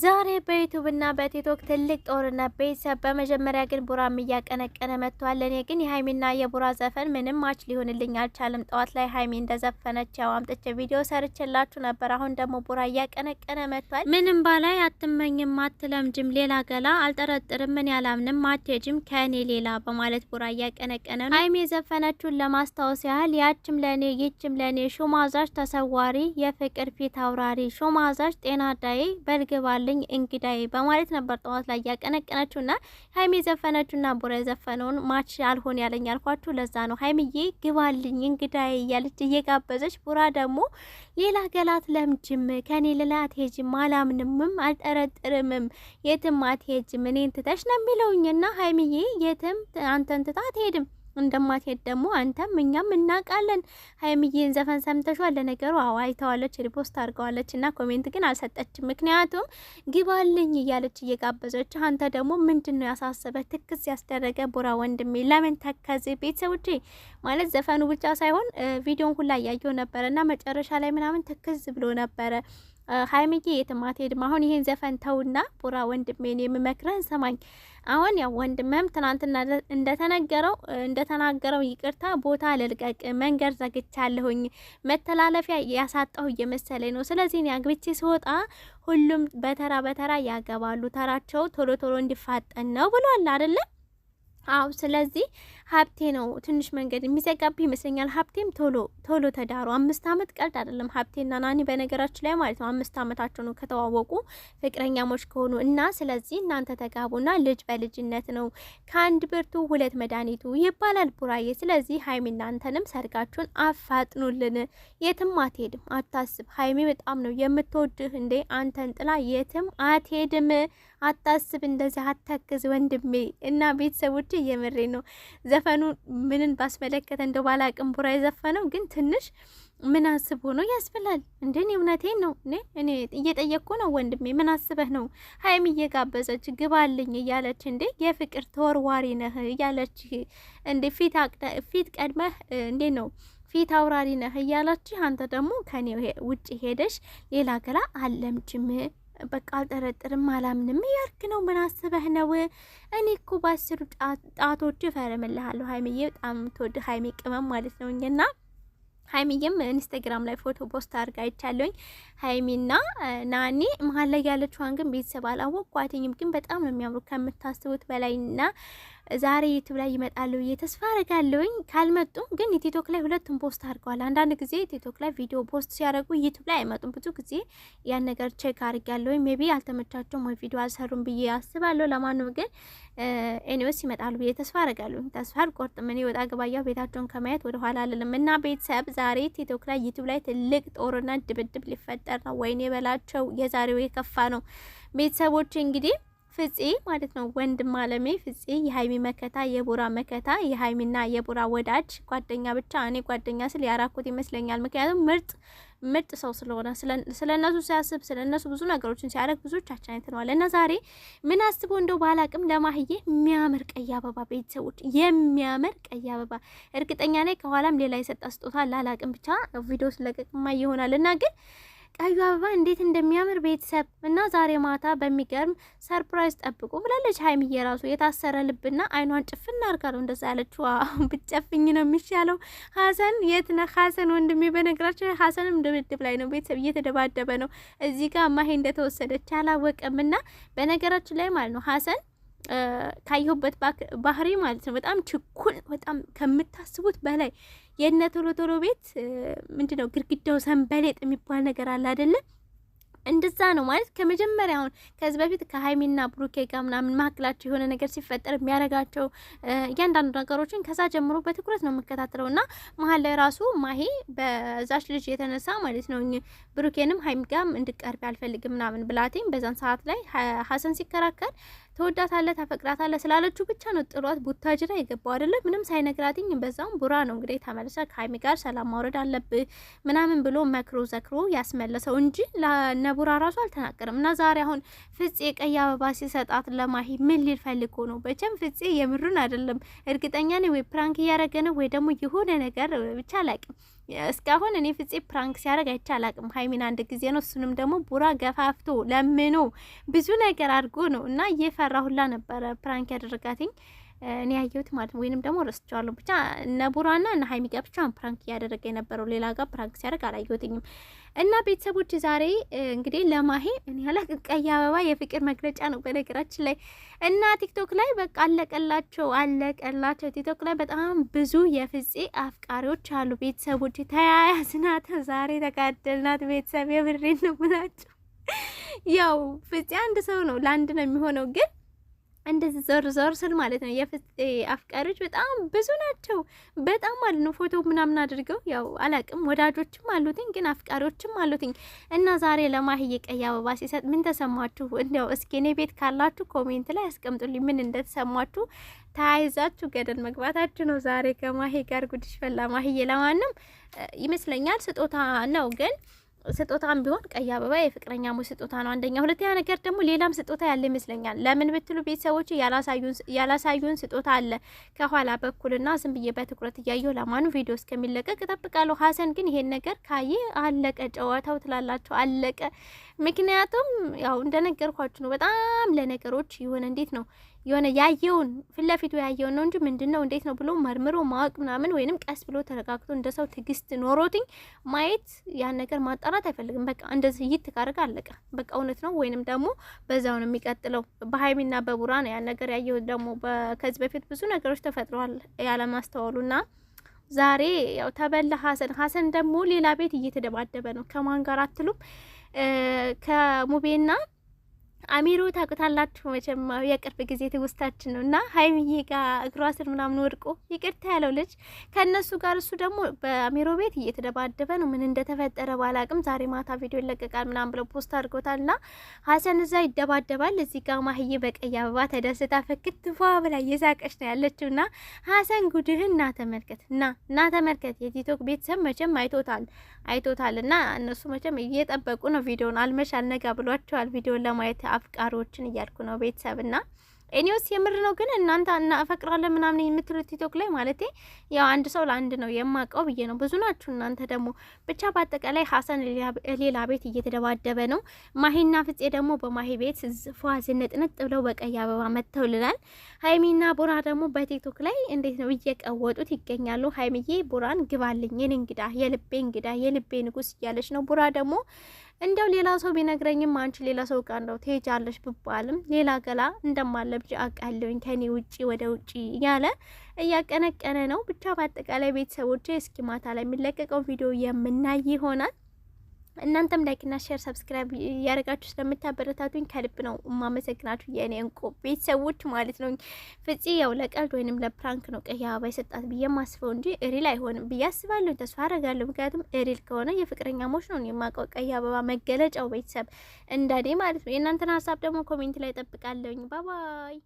ዛሬ በዩቱብና በቲክቶክ ትልቅ ጦርነት ቤተሰብ። በመጀመሪያ ግን ቡራም እያቀነቀነ መጥቷል። እኔ ግን የሀይሚና የቡራ ዘፈን ምንም ማች ሊሆንልኝ አልቻለም። ጠዋት ላይ ሀይሚ እንደዘፈነች ያው አምጥቼ ቪዲዮ ሰርችላችሁ ነበር። አሁን ደግሞ ቡራ እያቀነቀነ መጥቷል። ምንም ባላይ አትመኝም፣ አትለምጅም፣ ሌላ ገላ አልጠረጥርም፣ ምን ያላምንም፣ አትሄጂም ከእኔ ሌላ በማለት ቡራ እያቀነቀነ ነው። ሀይሚ የዘፈነችውን ለማስታወስ ያህል ያችም ለእኔ ይችም ለእኔ ሹማዛሽ ተሰዋሪ፣ የፍቅር ፊት አውራሪ፣ ሹማዛሽ ጤና ዳዬ በልግባ አምጣልኝ እንግዳይ በማለት ነበር ጠዋት ላይ ያቀነቀነችው ና ሀይሚ የዘፈነችውና ቡራ የዘፈነውን ማች አልሆን ያለኝ ያልኳችሁ ለዛ ነው። ሀይሚዬ ግባልኝ እንግዳይ እያለች እየጋበዘች፣ ቡራ ደግሞ ሌላ ገላት ለምጅም ከኔ ሌላ አትሄጅም፣ አላምንምም፣ አልጠረጥርምም፣ የትም አትሄጅም እኔን ትተሽ ነው የሚለውኝና ሀይሚዬ የትም አንተን ትታ አትሄድም እንደማትሄድ ደግሞ አንተም እኛም እናውቃለን። ሀይሚዬን ዘፈን ሰምተሸዋል? ለነገሩ አዋይተዋለች፣ ሪፖስት አድርገዋለች እና ኮሜንት ግን አልሰጠችም። ምክንያቱም ግባልኝ እያለች እየጋበዘች፣ አንተ ደግሞ ምንድን ነው ያሳሰበ ትክስ ያስደረገ ቡራ ወንድሜ ለምን ተከዚ? ቤተሰቦቼ ማለት ዘፈኑ ብቻ ሳይሆን ቪዲዮን ሁላ እያየው ነበረ እና መጨረሻ ላይ ምናምን ትክዝ ብሎ ነበረ ሀይሚዬ የትም አትሄድም። አሁን ይሄን ዘፈን ተውና ቡራ ወንድሜን የምመክረን ሰማኝ። አሁን ያው ወንድሜም ትናንትና እንደተነገረው እንደተናገረው ይቅርታ ቦታ ልልቀቅ፣ መንገድ ዘግቻለሁኝ፣ መተላለፊያ ያሳጣሁ እየመሰለኝ ነው። ስለዚህ እኔ አግብቼ ስወጣ ሁሉም በተራ በተራ ያገባሉ፣ ተራቸው ቶሎ ቶሎ እንዲፋጠን ነው ብሏል አይደለም? አው ስለዚህ ሀብቴ ነው ትንሽ መንገድ የሚዘጋብ ይመስለኛል። ሀብቴም ቶሎ ቶሎ ተዳሩ። አምስት አመት ቀልድ አይደለም። ሀብቴና ናኒ በነገራችን ላይ ማለት ነው አምስት አመታቸው ነው ከተዋወቁ ፍቅረኛሞች ከሆኑ እና ስለዚህ እናንተ ተጋቡና ልጅ በልጅነት ነው ከአንድ ብርቱ ሁለት መድኃኒቱ ይባላል ቡራዬ። ስለዚህ ሀይሚ እናንተንም ሰርጋችሁን አፋጥኑልን። የትም አትሄድም፣ አታስብ። ሀይሚ በጣም ነው የምትወድህ እንዴ አንተን ጥላ የትም አትሄድም፣ አታስብ። እንደዚህ አተክዝ ወንድሜ እና ቤተሰቦች እየምሬ ነው ዘፈኑ ምንን ባስመለከተ እንደ ባላቅም ቡራ የዘፈነው ግን ትንሽ ምን አስቦ ነው ያስብላል። እንደ እውነቴን ነው እኔ እየጠየቅኩ ነው ወንድሜ፣ ምን አስበህ ነው ሀይም እየጋበዘች ግባልኝ እያለች እንዴ የፍቅር ተወርዋሪ ነህ እያለች እንዴ ፊት ቀድመህ እንዴ ነው ፊት አውራሪ ነህ እያለች አንተ ደግሞ ከኔ ውጭ ሄደሽ ሌላ ገላ አለምችም በቃ አልጠረጥርም፣ አላምንም እያልክ ነው? ምን አስበህ ነው? እኔ እኮ በአስሩ ጣቶች ፈረምልሃለሁ። ሀይሚዬ በጣም ተወድ ሀይሚ ቅመም ማለት ነው እኛና ሀይሚዬም ኢንስታግራም ላይ ፎቶ ፖስት አድርጋ አይቻለሁኝ። ሀይሚና ናኒ መሀል ላይ ያለችዋን ግን ቤተሰብ አላወቅኳትኝም፣ ግን በጣም ነው የሚያምሩ ከምታስቡት በላይና ዛሬ ዩቱብ ላይ ይመጣሉ ብዬ ተስፋ አረጋለሁኝ። ካልመጡም ግን የቲክቶክ ላይ ሁለቱም ፖስት አድርገዋል። አንዳንድ ጊዜ ቲክቶክ ላይ ቪዲዮ ፖስት ሲያደርጉ ዩቲዩብ ላይ አይመጡም። ብዙ ጊዜ ያን ነገር ቼክ አድርጋለሁኝ። ሜቢ አልተመቻቸውም ወይ ቪዲዮ አልሰሩም ብዬ አስባለሁ። ለማንም ግን ኤኒዌስ ይመጣሉ ብዬ ተስፋ አረጋለሁኝ። ተስፋ አልቆርጥም እኔ ወጣ ገባያው ቤታቸውን ከማየት ወደኋላ አልልም እና ቤተሰብ ዛሬ ቲክቶክ ላይ ዩቲዩብ ላይ ትልቅ ጦርነት ድብድብ ሊፈጠር ነው። ወይኔ በላቸው የዛሬው የከፋ ነው ቤተሰቦች እንግዲህ ፍጼ ማለት ነው ወንድም አለሜ ፍጺ የሀይሚ መከታ የቡራ መከታ የሀይሚና የቡራ ወዳጅ ጓደኛ ብቻ እኔ ጓደኛ ስል ያራኩት ይመስለኛል። ምክንያቱም ምርጥ ምርጥ ሰው ስለሆነ ስለ እነሱ ሲያስብ ስለ እነሱ ብዙ ነገሮችን ሲያደርግ ብዙዎቻችን አይተነዋል። እና ዛሬ ምን አስቦ እንደው ባላቅም ለማህዬ የሚያምር ቀይ አበባ ቤተሰቦች፣ የሚያምር ቀይ አበባ እርግጠኛ ነኝ ከኋላም ሌላ የሰጣ ስጦታ ላላቅም ብቻ ቪዲዮ ስለቀቅማ ይሆናል እና ግን ቀዩ አበባ እንዴት እንደሚያምር ቤተሰብ እና ዛሬ ማታ በሚገርም ሰርፕራይዝ ጠብቁ ብላለች። ሀይሚዬ እራሱ የታሰረ ልብና አይኗን ጭፍን አርጋ ነው እንደዛ ያለች ብጨፍኝ ነው የሚሻለው። ሀሰን የት ነህ ሀሰን ወንድሜ? በነገራችን ሀሰንም ድብድብ ላይ ነው ቤተሰብ፣ እየተደባደበ ነው። እዚህ ጋር ማሄ እንደተወሰደች አላወቀምና በነገራችን ላይ ማለት ነው ሀሰን ካየሁበት ባህሪ ማለት ነው። በጣም ችኩል፣ በጣም ከምታስቡት በላይ የእነ ቶሎ ቶሎ ቤት ምንድን ነው ግድግዳው ሰንበሌጥ የሚባል ነገር አለ አይደለም? እንደዛ ነው ማለት ከመጀመሪያ አሁን ከዚህ በፊት ከሀይሚና ብሩኬ ጋር ምናምን መካከላቸው የሆነ ነገር ሲፈጠር የሚያደርጋቸው እያንዳንዱ ነገሮችን ከዛ ጀምሮ በትኩረት ነው የምከታተለው እና መሀል ላይ ራሱ ማሄ በዛች ልጅ የተነሳ ማለት ነው ብሩኬንም ሀይሚ ጋም እንድቀርብ አልፈልግም ምናምን ብላቴም በዛን ሰዓት ላይ ሀሰን ሲከራከር ተወዳታለህ፣ ታፈቅራታለህ ስላለችው ብቻ ነው ጥሏት ቡታጅራ የገባው አይደለም። ምንም ሳይነግራትኝ። በዛውም ቡራ ነው እንግዲህ ተመልሰ ከሀይሚ ጋር ሰላም ማውረድ አለብህ ምናምን ብሎ መክሮ ዘክሮ ያስመለሰው እንጂ ለነቡራ ራሱ አልተናገርም። እና ዛሬ አሁን ፍጼ ቀይ አበባ ሲሰጣት ለማሂ ምን ሊል ፈልጎ ነው? በቸም ፍጼ የምሩን አይደለም እርግጠኛ ነኝ። ወይ ፕራንክ እያደረገ ነው ወይ ደግሞ የሆነ ነገር ብቻ አላውቅም። እስካሁን እኔ ፍጼ ፕራንክ ሲያደርግ አይቼ አላቅም። ሀይሚን አንድ ጊዜ ነው፣ እሱንም ደግሞ ቡራ ገፋፍቶ ለምኖ ብዙ ነገር አድርጎ ነው እና እየፈራሁላ ሁላ ነበረ ፕራንክ ያደረጋትኝ እኔ ያየሁት ማለት ነው። ወይንም ደግሞ ረስቸዋለሁ። ብቻ እነ ቡራና እነ ሀይሚ ጋር ብቻ ፕራንክ እያደረገ የነበረው ሌላ ጋር ፕራንክ ሲያደርግ አላየሁትኝም። እና ቤተሰቦች ዛሬ እንግዲህ ለማሄ እኔ አላቅም፣ ቀይ አበባ የፍቅር መግለጫ ነው በነገራችን ላይ እና ቲክቶክ ላይ በቃ አለቀላቸው፣ አለቀላቸው። ቲክቶክ ላይ በጣም ብዙ የፍፄ አፍቃሪዎች አሉ። ቤተሰቦች ተያያዝናት፣ ዛሬ ተጋደልናት። ቤተሰብ የብሬን ነው ብላቸው። ያው ፍፄ አንድ ሰው ነው፣ ለአንድ ነው የሚሆነው ግን እንደዚህ ዞር ዞር ስል ማለት ነው የፍፄ አፍቃሪዎች በጣም ብዙ ናቸው። በጣም ማለት ነው ፎቶ ምናምን አድርገው ያው አላቅም ወዳጆችም አሉትኝ ግን አፍቃሪዎችም አሉትኝ እና ዛሬ ለማህዬ ቀይ አበባ ሲሰጥ ምን ተሰማችሁ? እንዲያው እስኪ እኔ ቤት ካላችሁ ኮሜንት ላይ አስቀምጡልኝ ምን እንደተሰማችሁ። ተያይዛችሁ ገደል መግባታችሁ ነው ዛሬ ከማሄ ጋር ጉድሽ ፈላ። ማህዬ ለማንም ይመስለኛል ስጦታ ነው ግን ስጦታም ቢሆን ቀይ አበባ ሙ ስጦታ ነው አንደኛ። ሁለተኛ ነገር ደግሞ ሌላም ስጦታ ያለ ይመስለኛል። ለምን ብትሉ ቤተሰቦች ያላሳዩን ስጦታ አለ ከኋላ በኩልና ዝም ብዬ በትኩረት እያየሁ ለማኑ ቪዲዮ እስከሚለቀቅ እጠብቃለሁ። ሀሰን ግን ይሄን ነገር ካየ አለቀ ጨዋታው ትላላቸው አለቀ። ምክንያቱም ያው እንደነገርኳችሁ ነው። በጣም ለነገሮች የሆነ እንዴት ነው የሆነ ያየውን ፊት ለፊቱ ያየውን ነው እንጂ ምንድን ነው እንዴት ነው ብሎ መርምሮ ማወቅ ምናምን ወይንም ቀስ ብሎ ተረጋግቶ እንደ ሰው ትግስት ኖሮትኝ ማየት ያን ነገር ማጣራት አይፈልግም። በቃ እንደዚህ ይት ካደረገ አለቀ። በቃ እውነት ነው ወይንም ደግሞ በዛው ነው የሚቀጥለው። በሀይሚና በቡራ ነው ያን ነገር ያየው። ደግሞ ከዚህ በፊት ብዙ ነገሮች ተፈጥረዋል ያለማስተዋሉና ዛሬ ያው ተበላ ሀሰን ሀሰን ደግሞ ሌላ ቤት እየተደባደበ ነው። ከማን ጋር አትሉም ከሙቤና አሚሩ ታቁታላችሁ መቼም የቅርብ ጊዜ ትውስታችን ነው እና ሀይሚዬ ጋር እግሯ ስር ምናምን ወድቆ ይቅርታ ያለው ልጅ ከእነሱ ጋር እሱ ደግሞ በአሚሮ ቤት እየተደባደበ ነው። ምን እንደተፈጠረ ባላቅም ዛሬ ማታ ቪዲዮ ይለቀቃል ምናምን ብለው ፖስት አድርጎታል። እና ሀሰን እዛ ይደባደባል፣ እዚህ ጋር ማህዬ በቀይ አበባ ተደስታ ፈክት ፏ ብላ እየሳቀች ነው ያለችው። እና ሀሰን ጉድህን እና ተመልከት እና እና ተመልከት የቲክቶክ ቤተሰብ መቼም አይቶታል አይቶታል። እና እነሱ መቼም እየጠበቁ ነው ቪዲዮን አልመሻል ነጋ ብሏቸዋል ቪዲዮን ለማየት አፍቃሪዎችን እያልኩ ነው ቤተሰብና ኤኒዮስ የምር ነው ግን እናንተ እናፈቅራለን ምናምን የምትሉት ቲክቶክ ላይ ማለት ያው አንድ ሰው ለአንድ ነው የማውቀው ብዬ ነው። ብዙ ናችሁ እናንተ ደግሞ ብቻ። በአጠቃላይ ሀሰን ሌላ ቤት እየተደባደበ ነው። ማሂና ፍፄ ደግሞ በማሄ ቤት ፏዝነት ንጥ ብለው በቀይ አበባ መጥተውልናል። ሀይሚና ቡራ ደግሞ በቲክቶክ ላይ እንዴት ነው እየቀወጡት ይገኛሉ። ሀይሚዬ ቡራን ግባልኝ፣ የኔ እንግዳ፣ የልቤ እንግዳ፣ የልቤ ንጉስ እያለች ነው። ቡራ ደግሞ እንዲያው ሌላ ሰው ቢነግረኝም አንቺ ሌላ ሰው ጋር ነው ትሄጃለሽ ብባልም ሌላ ገላ እንደማለብጅ አውቃለሁኝ ከኔ ውጪ ወደ ውጪ እያለ እያቀነቀነ ነው። ብቻ በአጠቃላይ ቤተሰቦቼ እስኪ ማታ ላይ የሚለቀቀው ቪዲዮ የምናይ ይሆናል። እናንተም ላይክና ሼር ሰብስክራይብ እያደረጋችሁ ስለምታበረታቱኝ ከልብ ነው የማመሰግናችሁ የእኔ እንቁ ቤተሰቦች ማለት ነው። ፍጺ ያው ለቀልድ ወይንም ለፕራንክ ነው ቀይ አበባ የሰጣት ብዬ ማስበው እንጂ ሪል አይሆንም ብዬ አስባለሁ፣ ተስፋ አረጋለሁ። ምክንያቱም ሪል ከሆነ የፍቅረኛ ሞች ነው የማውቀው ቀይ አበባ መገለጫው ቤተሰብ እንደኔ ማለት ነው። የእናንተን ሀሳብ ደግሞ ኮሜንት ላይ ጠብቃለሁኝ። ባባይ